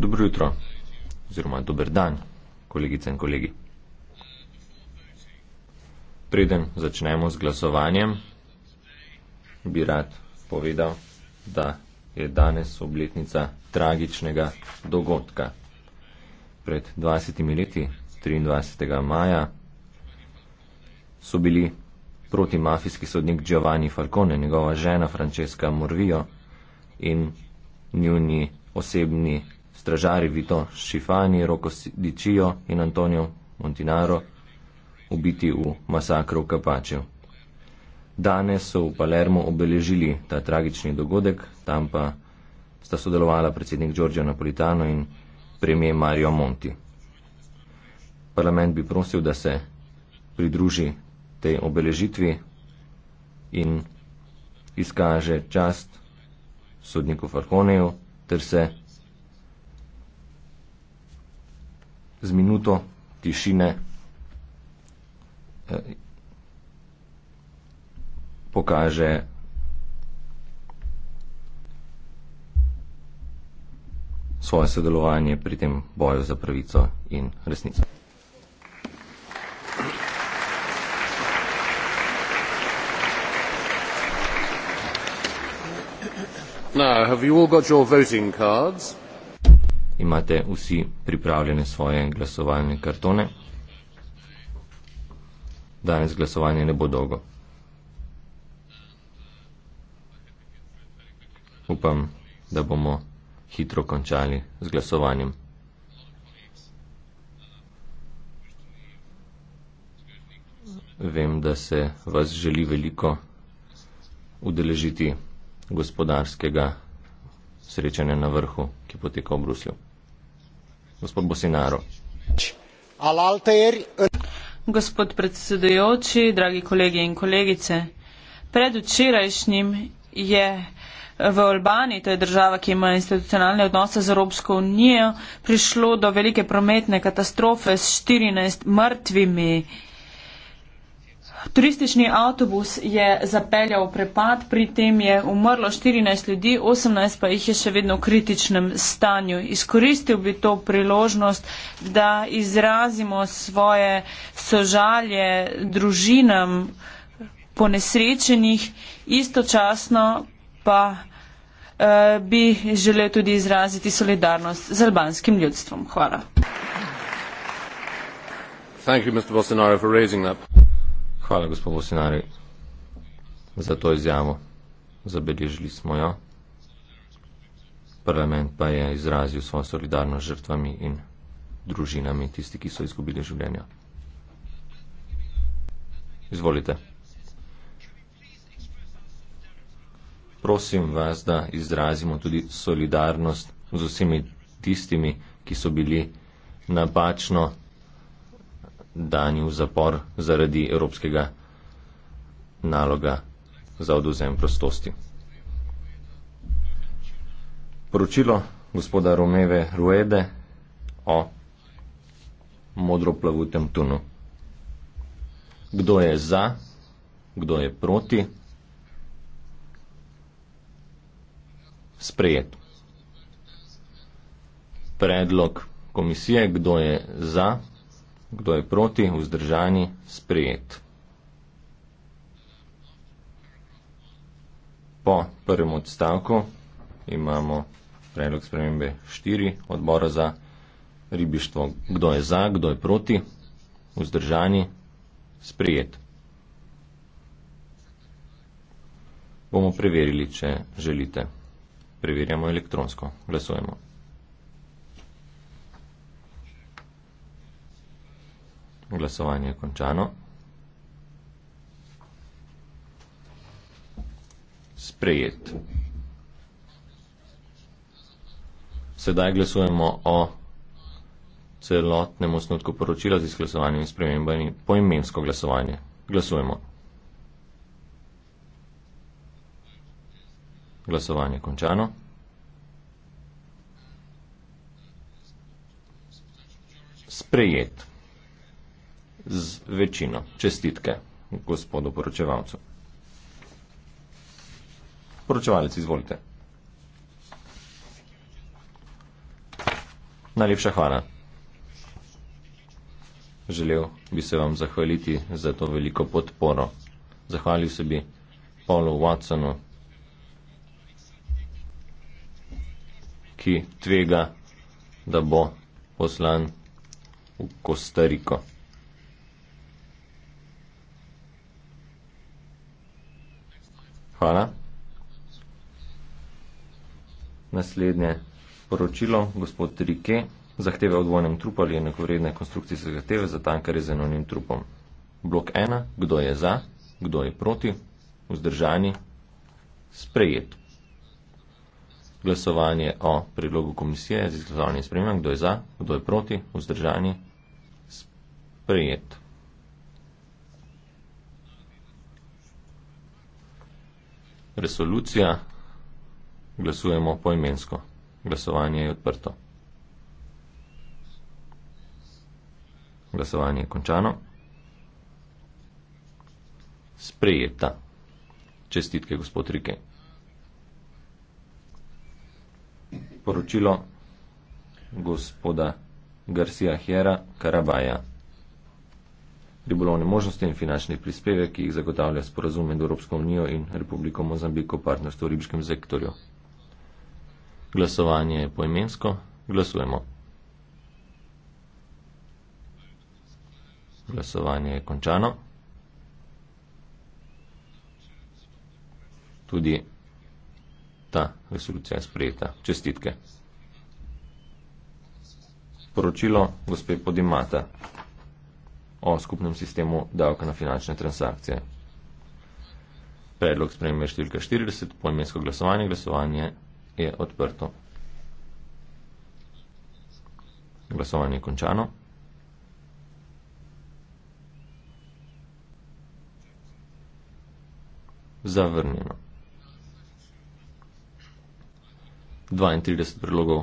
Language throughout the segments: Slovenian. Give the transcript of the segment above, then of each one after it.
Dobro jutro oziroma dober dan, kolegice in kolegi. Preden začnemo z glasovanjem, bi rad povedal, da je danes obletnica tragičnega dogodka. Pred 20 leti, 23. maja, so bili protimafijski sodnik Giovanni Falcone, njegova žena Francesca Morvijo in njuni osebni stražari Vito Šifani, Roko Sidičijo in Antonijo Montinaro ubiti v masakru v Kapačev. Danes so v Palermo obeležili ta tragični dogodek, tam pa sta sodelovala predsednik Giorgio Napolitano in premije Mario Monti. Parlament bi prosil, da se pridruži tej obeležitvi in izkaže čast sodniku Falconeju ter se z minuto tišine eh, pokaže svoje sodelovanje pri tem boju za pravico in resnico. Imate vsi pripravljene svoje glasovalne kartone? Danes glasovanje ne bo dolgo. Upam, da bomo hitro končali z glasovanjem. Vem, da se vas želi veliko udeležiti gospodarskega srečanja na vrhu, ki poteka v Bruslju. Gospod Bosinaro. Eh, Gospod predsedujoči, dragi kolegi in kolegice, predvčerajšnjim je v Albani, to je država, ki ima institucionalne odnose z Evropsko unijo, prišlo do velike prometne katastrofe s 14 mrtvimi. Turistični avtobus je zapeljal prepad, pri tem je umrlo 14 ljudi, 18 pa jih je še vedno v kritičnem stanju. Izkoristil bi to priložnost, da izrazimo svoje sožalje družinam ponesrečenih, istočasno pa eh, bi želel tudi izraziti solidarnost z albanskim ljudstvom. Hvala. Thank you, Mr. Hvala, gospod Vosinari, za to izjavo. Zabeležili smo jo. Parlament pa je izrazil svojo solidarnost žrtvami in družinami tisti, ki so izgubili življenja. Izvolite. Prosim vas, da izrazimo tudi solidarnost z vsemi tistimi, ki so bili napačno dani v zapor zaradi evropskega naloga za oduzem prostosti. Poročilo gospoda Romeve Ruede o modroplavutem tunu. Kdo je za, kdo je proti? Sprejet. Predlog komisije, kdo je za, Kdo je proti, vzdržani, sprejet. Po prvem odstavku imamo predlog spremembe 4 odbora za ribištvo. Kdo je za, kdo je proti, vzdržani, sprejet. Bomo preverili, če želite. Preverjamo elektronsko. Glasujemo. Glasovanje je končano. Sprejet. Sedaj glasujemo o celotnem osnutku poročila z izglasovanjem in spremembami poimensko glasovanje. Glasujemo. Glasovanje je končano. Sprejet z večino. Čestitke gospodu poročevalcu. Poročevalec, izvolite. Najlepša hvala. Želel bi se vam zahvaliti za to veliko podporo. Zahvalil se bi Paulu Watsonu, ki tvega, da bo poslan v Kostariko. Hvala. Naslednje poročilo, gospod Rike, zahteve o dvojnem trupu ali enakovredne konstrukcije zahteve za tankare z enonim trupom. Blok 1, kdo je za, kdo je proti, vzdržani, sprejet. Glasovanje o predlogu komisije z izglasovanjem spremem, kdo je za, kdo je proti, vzdržani, sprejet. resolucija. Glasujemo poimensko. Glasovanje je odprto. Glasovanje je končano. Sprejeta. Čestitke, gospod Rike. Poročilo gospoda Garcia Hiera Karabaja ribolovne možnosti in finančni prispevek, ki jih zagotavlja sporazum med Evropsko unijo in Republiko Mozambiko partnerstvo v ribiškem sektorju. Glasovanje je poimensko. Glasujemo. Glasovanje je končano. Tudi ta resolucija je sprejeta. Čestitke. Poročilo gospe Podimata o skupnem sistemu davka na finančne transakcije. Predlog spremembe številka 40, poimensko glasovanje, glasovanje je odprto. Glasovanje je končano. Zavrnjeno. 32 predlogov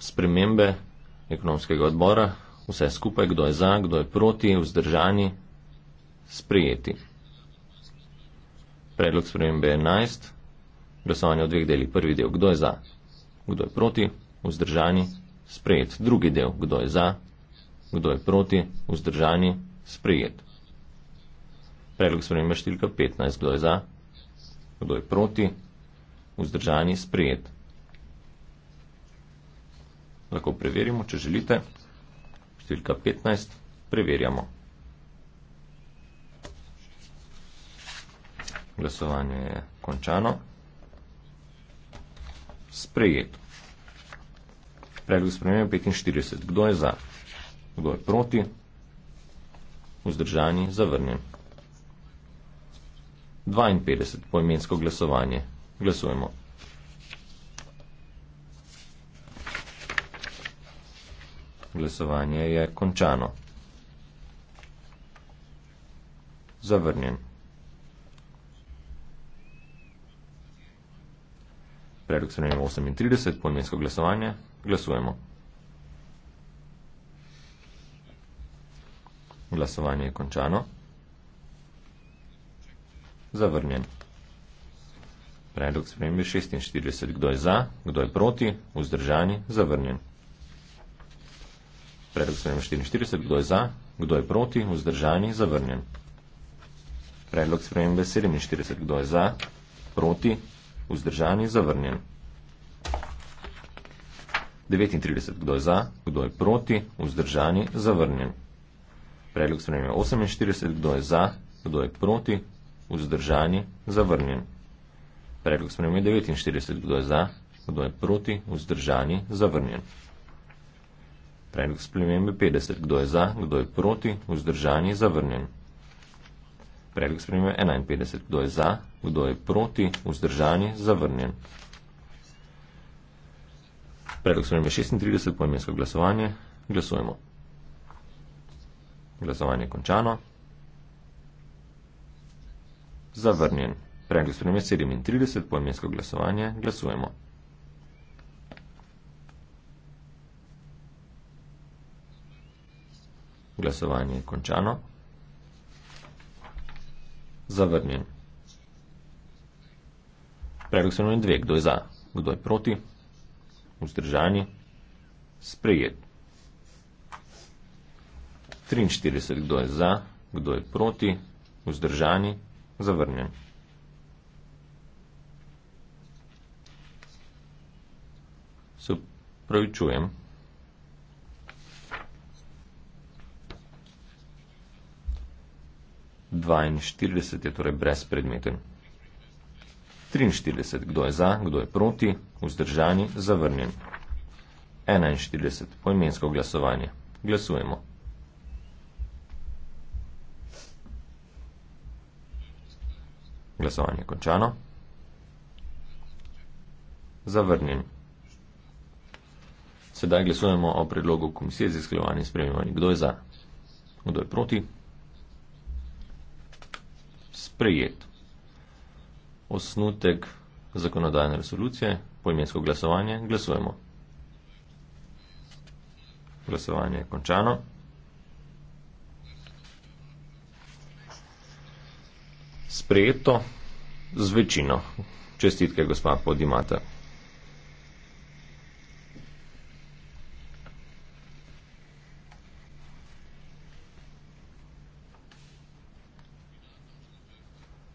spremembe ekonomskega odbora, vse skupaj, kdo je za, kdo je proti, vzdržani, sprijeti. Predlog spremembe 11. Glasovanje v dveh delih. Prvi del, kdo je za, kdo je proti, vzdržani, sprijet. Drugi del, kdo je za, kdo je proti, vzdržani, sprijet. Predlog spremembe številka 15. Kdo je za, kdo je proti, vzdržani, sprijet. Lahko preverimo, če želite številka 15, preverjamo. Glasovanje je končano. Sprejeto. Predlog spremenja 45. Kdo je za? Kdo je proti? Vzdržani, zavrnjen. 52. Poimensko glasovanje. Glasujemo. Glasovanje je končano. Zavrnjen. Predlog se 38, poimensko glasovanje. Glasujemo. Glasovanje je končano. Zavrnjen. Predlog spremembe 46. Kdo je za, kdo je proti, vzdržani, zavrnjen. Predlog sprejema 44, kdo je za, kdo je proti, vzdržani, zavrnjen. Predlog sprejema 47, kdo je za, proti, vzdržani, zavrnjen. 39, kdo je za, kdo je proti, vzdržani, zavrnjen. Predlog sprejema 48, kdo je za, kdo je proti, vzdržani, zavrnjen. Predlog sprejema 49, kdo je za, kdo je proti, vzdržani, zavrnjen. Predlog spremembe 50. Kdo je za, kdo je proti, vzdržan je zavrnjen. Predlog spremembe 51. Kdo je za, kdo je proti, vzdržan je zavrnjen. Predlog spremembe 36. Poimensko glasovanje. Glasujemo. Glasovanje je končano. Zavrnjen. Predlog spremembe 37. Poimensko glasovanje. Glasujemo. Glasovanje je končano. Zavrnjen. Predlog se nam je dve. Kdo je za? Kdo je proti? Vzdržani? Sprejet. 43. Kdo je za? Kdo je proti? Vzdržani? Zavrnjen. Se upravičujem. 42 je torej brezpredmeten. 43. Kdo je za, kdo je proti, vzdržani, zavrnjen. 41. Poimensko glasovanje. Glasujemo. Glasovanje končano. Zavrnjen. Sedaj glasujemo o predlogu komisije za izkljuvanje in spremljanje. Kdo je za? Kdo je proti? sprejet. Osnutek zakonodajne resolucije, poimensko glasovanje, glasujemo. Glasovanje je končano. Sprejeto z večino. Čestitke, gospa Podimata.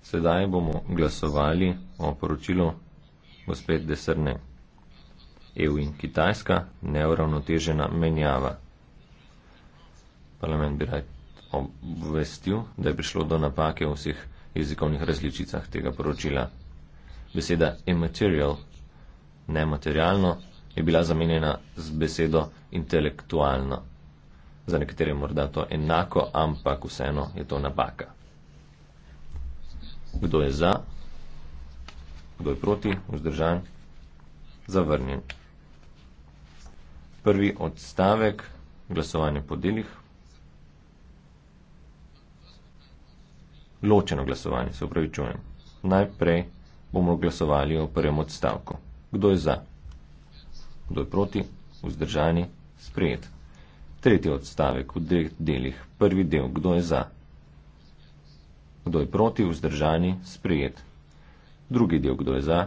Sedaj bomo glasovali o poročilu gospe Desrne. EU in Kitajska, neuravnotežena menjava. Parlament bi rad obvestil, da je prišlo do napake v vseh jezikovnih različicah tega poročila. Beseda immaterial, nematerialno, je bila zamenjena z besedo intelektualno. Za nekatere morda to enako, ampak vseeno je to napaka. Kdo je za? Kdo je proti? Vzdržan? Zavrnjen. Prvi odstavek glasovanje po delih. Ločeno glasovanje, se upravičujem. Najprej bomo glasovali o prvem odstavku. Kdo je za? Kdo je proti? Vzdržani? Sprejet. Tretji odstavek v dveh delih. Prvi del. Kdo je za? kdo je proti, vzdržani, sprijet. Drugi del, kdo je za,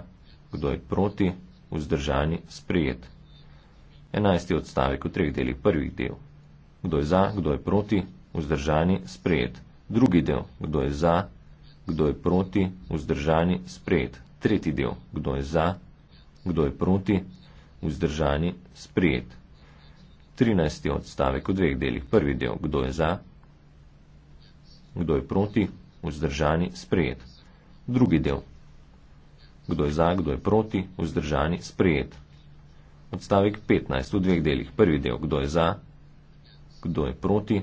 kdo je proti, vzdržani, sprijet. Enajsti odstavek v treh delih prvih del. Kdo je za, kdo je proti, vzdržani, sprijet. Drugi del, kdo je za, kdo je proti, vzdržani, sprijet. Tretji del, kdo je za, kdo je proti, vzdržani, sprijet. 13. odstavek v dveh delih. Prvi del, kdo je za, kdo je proti, vzdržani, sprejet. Drugi del. Kdo je za, kdo je proti, vzdržani, sprejet. Odstavek 15 v dveh delih. Prvi del. Kdo je za, kdo je proti,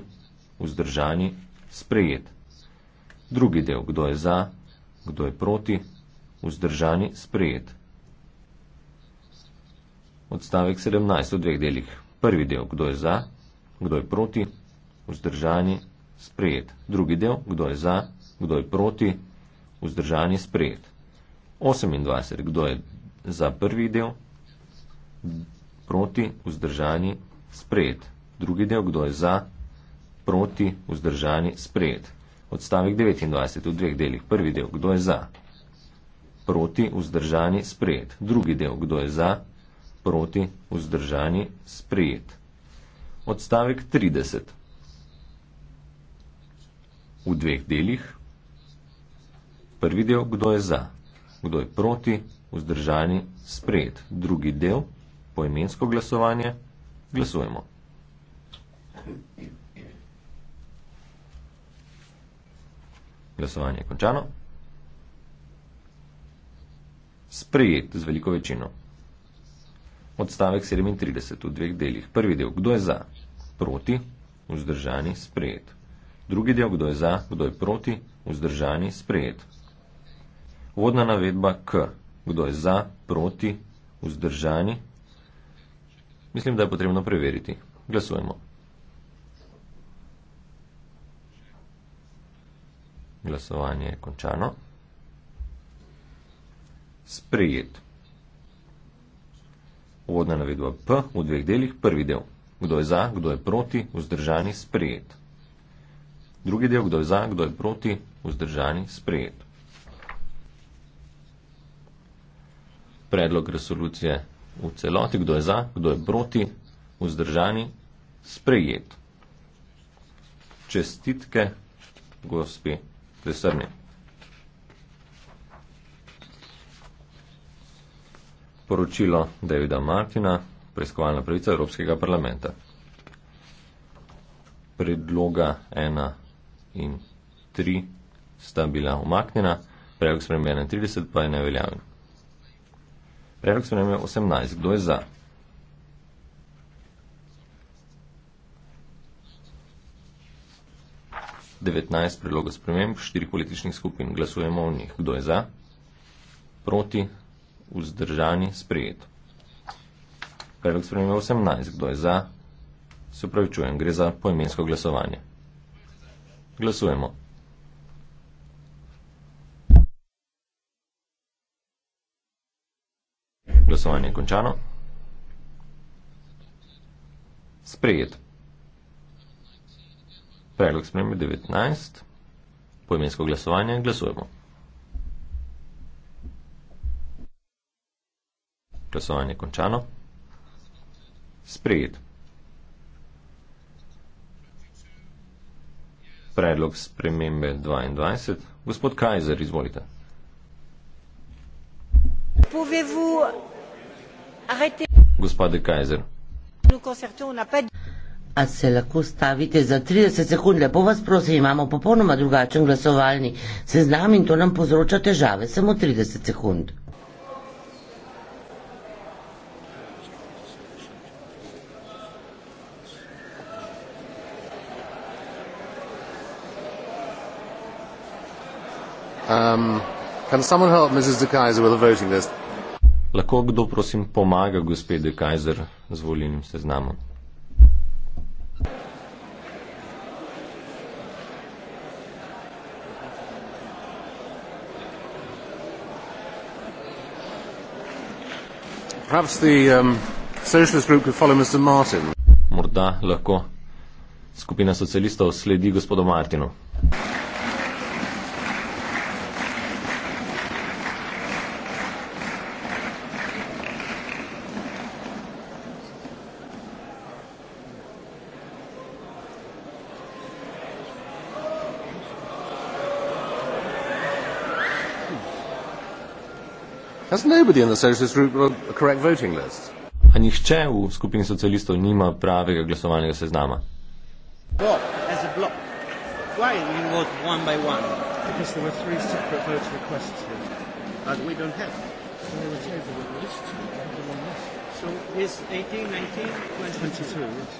vzdržani, sprejet. Drugi del. Kdo je za, kdo je proti, vzdržani, sprejet. Odstavek 17 v dveh delih. Prvi del. Kdo je za, kdo je proti, vzdržani, sprejet. Drugi del. Kdo je za, kdo je proti kdo je proti, vzdržan je sprejet. 28. Kdo je za prvi del, proti, vzdržan je sprejet. Drugi del, kdo je za, proti, vzdržan je sprejet. Odstavek 29. V dveh delih. Prvi del, kdo je za, proti, vzdržan je sprejet. Drugi del, kdo je za, proti, vzdržan je sprejet. Odstavek 30. V dveh delih, prvi del, kdo je za, kdo je proti, vzdržani, sprejet. Drugi del, poimensko glasovanje, glasujemo. Glasovanje je končano. Sprejet z veliko večino. Odstavek 37 v dveh delih. Prvi del, kdo je za, proti, vzdržani, sprejet. Drugi del, kdo je za, kdo je proti, vzdržani, sprejet. Vodna navedba k. Kdo je za, proti, vzdržani? Mislim, da je potrebno preveriti. Glasujemo. Glasovanje je končano. Sprejet. Vodna navedba P v dveh delih, prvi del. Kdo je za, kdo je proti, vzdržani, sprejet. Drugi del, kdo je za, kdo je proti, vzdržani, sprejet. predlog resolucije v celoti, kdo je za, kdo je proti, vzdržani, sprejet. Čestitke, gospi Presrni. Poročilo Davida Martina, preiskovalna pravica Evropskega parlamenta. Predloga 1 in 3 sta bila umaknjena, predlog spremenjen 30 pa je neveljaven. Predlog se imenuje 18. Kdo je za? devetnajst predlogov sprememb štirih političnih skupin. Glasujemo o njih. Kdo je za? Proti? Vzdržani? Sprejet. Predlog sprememb osemnajst. Kdo je za? Se upravičujem, gre za poimensko glasovanje. Glasujemo. glasovanje končano. Sprejet. Predlog spremembe 19. Poimensko glasovanje. Glasujemo. Glasovanje končano. Sprejet. Predlog spremembe 22. Gospod Kajzer, izvolite. Pouvez-vous Gospod Kajzer. A se lahko stavite za 30 sekund, lepo vas prosim, imamo popolnoma drugačen glasovalni seznam in to nam povzroča težave. Samo 30 sekund. Um, can someone help Mrs. De Kaiser with a voting list? Lahko kdo, prosim, pomaga gospodu Kajzer z volilnim seznamom? Um, Morda lahko skupina socialistov sledi gospodu Martinu. Has nobody in the socialist group got a correct voting list? A nihče v skupini socialistov nima pravega glasovalnega seznama. Block, as a block. Why did you vote one by one? Because there were three separate vote requests here. But uh, we don't have. So there was over the list. So is 18, 19, 20? 22, yes.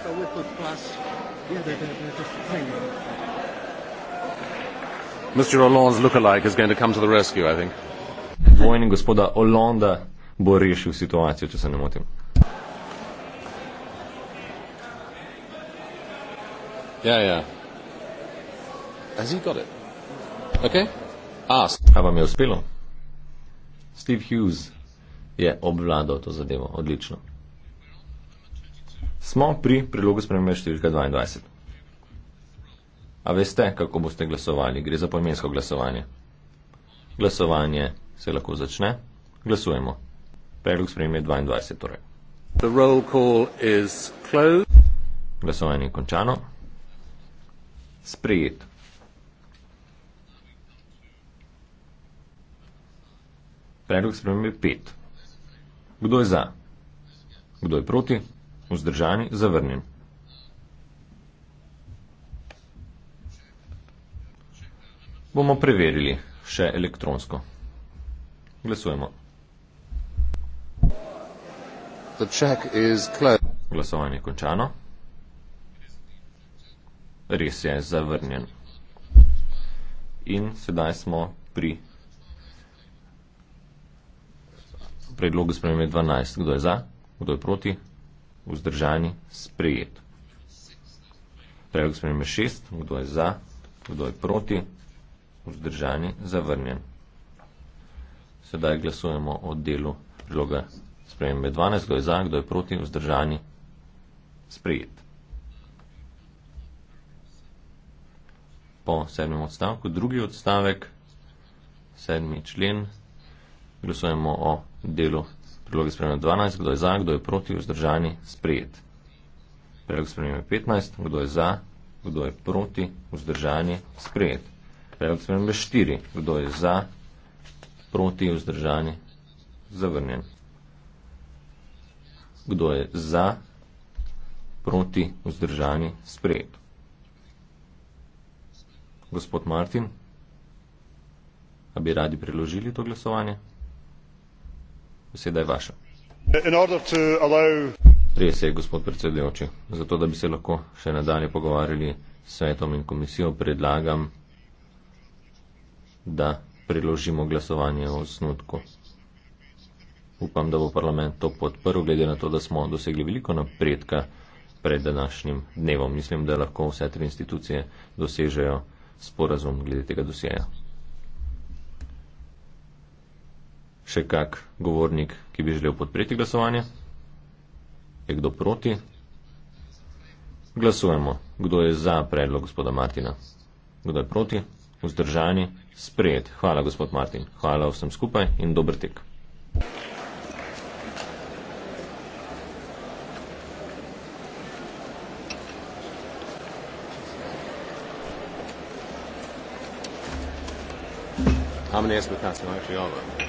So we put plus. Yeah, they're, they're, they're just the same. Mr. Hollande's look-alike is going to come to the rescue, I think vojni gospoda Olonda bo rešil situacijo, če se ne motim. Ja, ja. Has he got it? Okay. Ask. Ah, A vam je uspelo? Steve Hughes je obvladal to zadevo. Odlično. Smo pri prilogu spremembe 422. A veste, kako boste glasovali? Gre za poimensko glasovanje. Glasovanje se lahko začne. Glasujemo. Predlog sprejme 22. Torej. The roll call is closed. Glasovanje je končano. Sprejet. Predlog spremembe 5. Kdo je za? Kdo je proti? Vzdržani? Zavrnjen. Bomo preverili še elektronsko. Glasujemo. Glasovanje je končano. Res je zavrnjen. In sedaj smo pri predlogu spremembe 12. Kdo je za, kdo je proti, vzdržani, sprejet. Predlog spremembe 6. Kdo je za, kdo je proti, vzdržani, zavrnjen. Sedaj glasujemo o delu žloga spremembe 12. Kdo je za, kdo je proti, vzdržani? Sprejet. Po sedmem odstavku, drugi odstavek, sedmi člen, glasujemo o delu predloga spremembe 12, kdo je za, kdo je proti, vzdržani, sprejet. Predlog spremembe 15, kdo je za, kdo je proti, vzdržani, sprejet. Predlog spremembe 4, kdo je za, proti vzdržani, zavrnjen. Kdo je za, proti vzdržani, sprejet. Gospod Martin, a bi radi preložili to glasovanje? Beseda je vaša. Allow... Res je, gospod predsedujoči, zato da bi se lahko še nadalje pogovarjali s svetom in komisijo, predlagam, da priložimo glasovanje o snutku. Upam, da bo parlament to podprl, glede na to, da smo dosegli veliko napredka pred današnjim dnevom. Mislim, da lahko vse tri institucije dosežejo sporazum glede tega dosjeja. Še kak govornik, ki bi želel podpreti glasovanje? Je kdo proti? Glasujemo. Kdo je za predlog gospoda Martina? Kdo je proti? vzdržani, sprejet. Hvala, gospod Martin. Hvala vsem skupaj in dober tek. How many expectations are actually over?